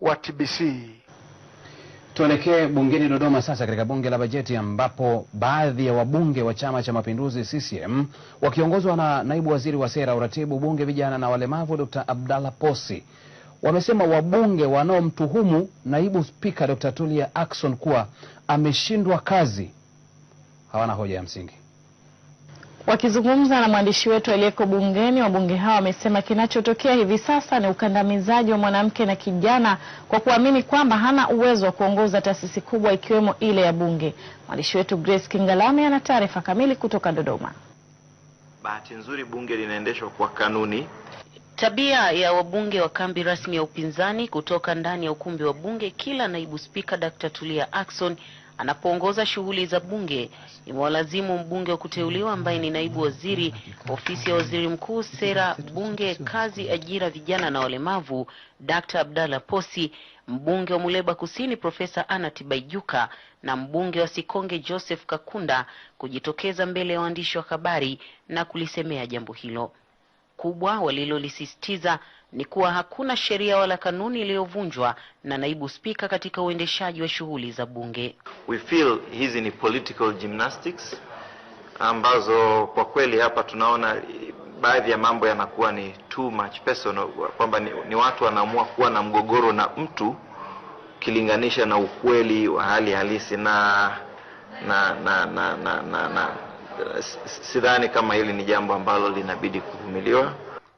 wa TBC. Tuelekee bungeni Dodoma sasa katika bunge la bajeti ambapo baadhi ya wabunge wa Chama cha Mapinduzi CCM wakiongozwa na naibu waziri wa sera, uratibu, bunge, vijana na walemavu Dr. Abdalla Posi wamesema wabunge wanaomtuhumu naibu spika Dr. Tulia Ackson kuwa ameshindwa kazi hawana hoja ya msingi. Wakizungumza na mwandishi wetu aliyeko bungeni, wabunge hao wamesema kinachotokea hivi sasa ni ukandamizaji wa mwanamke na kijana kwa kuamini kwamba hana uwezo wa kuongoza taasisi kubwa ikiwemo ile ya Bunge. Mwandishi wetu Grace Kingalame ana taarifa kamili kutoka Dodoma. Bahati nzuri bunge linaendeshwa kwa kanuni Tabia ya wabunge wa kambi rasmi ya upinzani kutoka ndani ya ukumbi wa bunge kila naibu spika Dkt. Tulia Ackson anapoongoza shughuli za bunge imewalazimu mbunge wa kuteuliwa ambaye ni naibu waziri ofisi ya waziri mkuu, sera, bunge, kazi, ajira, vijana na walemavu, Dkt. Abdalla Posi, mbunge wa Muleba Kusini Profesa Anna Tibaijuka na mbunge wa Sikonge Joseph Kakunda kujitokeza mbele ya waandishi wa habari na kulisemea jambo hilo kubwa walilolisisitiza ni kuwa hakuna sheria wala kanuni iliyovunjwa na naibu spika katika uendeshaji wa shughuli za bunge. We feel hizi ni political gymnastics ambazo kwa kweli hapa tunaona baadhi ya mambo yanakuwa ni too much personal, kwamba ni, ni watu wanaamua kuwa na mgogoro na mtu ukilinganisha na ukweli wa hali halisi na na na na na, na, na sidhani kama hili ni jambo ambalo linabidi kuvumiliwa.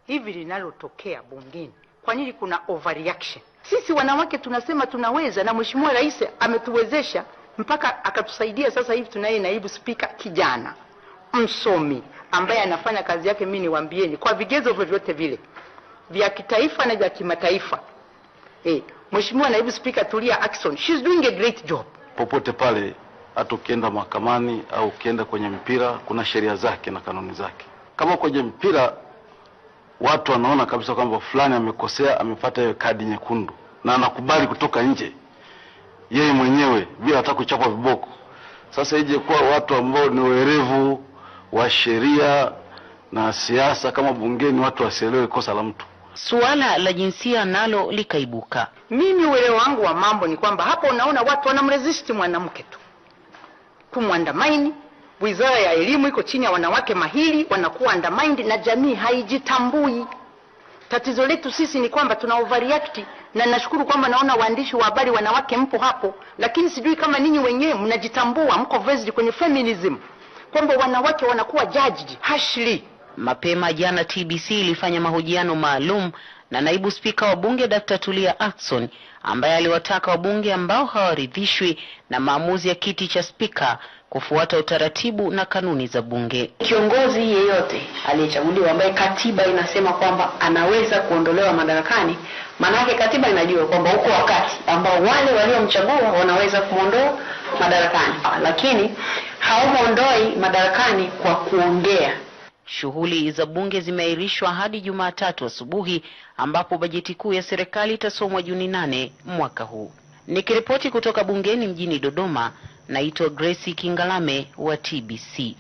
Hivi linalotokea bungeni, kwa nini kuna overreaction? Sisi wanawake tunasema tunaweza, na Mheshimiwa Rais ametuwezesha mpaka akatusaidia. Sasa hivi tunaye naibu spika kijana msomi ambaye anafanya kazi yake, mimi niwaambieni, kwa vigezo vyovyote vile vya kitaifa na vya kimataifa. Eh, Mheshimiwa naibu spika Tulia Ackson, she's doing a great job popote pale hata ukienda mahakamani au ukienda kwenye mpira kuna sheria zake na kanuni zake. Kama kwenye mpira watu wanaona kabisa kwamba fulani amekosea, amepata hiyo kadi nyekundu na anakubali kutoka nje yeye mwenyewe bila hata kuchapwa viboko. Sasa ije kuwa watu ambao ni werevu wa sheria na siasa, kama bungeni watu wasielewe kosa la mtu. Suala la jinsia nalo likaibuka. Mimi uelewa wangu wa mambo ni kwamba, hapo unaona watu wanamresisti mwanamke tu kumwa Wizara ya elimu iko chini ya wanawake mahiri, wanakuwa undermined na jamii haijitambui. Tatizo letu sisi ni kwamba tuna overreact, na nashukuru kwamba naona waandishi wa habari wanawake mpo hapo, lakini sijui kama ninyi wenyewe mnajitambua, mko vested kwenye feminism kwamba wanawake wanakuwa judged harshly. Mapema jana TBC ilifanya mahojiano maalum na naibu spika wa bunge Dr. Tulia Ackson ambaye aliwataka wabunge ambao hawaridhishwi na maamuzi ya kiti cha spika kufuata utaratibu na kanuni za bunge. Kiongozi yeyote aliyechaguliwa ambaye katiba inasema kwamba anaweza kuondolewa madarakani, maanake katiba inajua kwamba huko wakati ambao wale waliomchagua wanaweza kumwondoa madarakani, lakini hawamwondoi madarakani kwa kuongea. Shughuli za bunge zimeairishwa hadi Jumatatu asubuhi ambapo bajeti kuu ya serikali itasomwa Juni nane mwaka huu. Nikiripoti kutoka bungeni mjini Dodoma, naitwa Grace Kingalame wa TBC.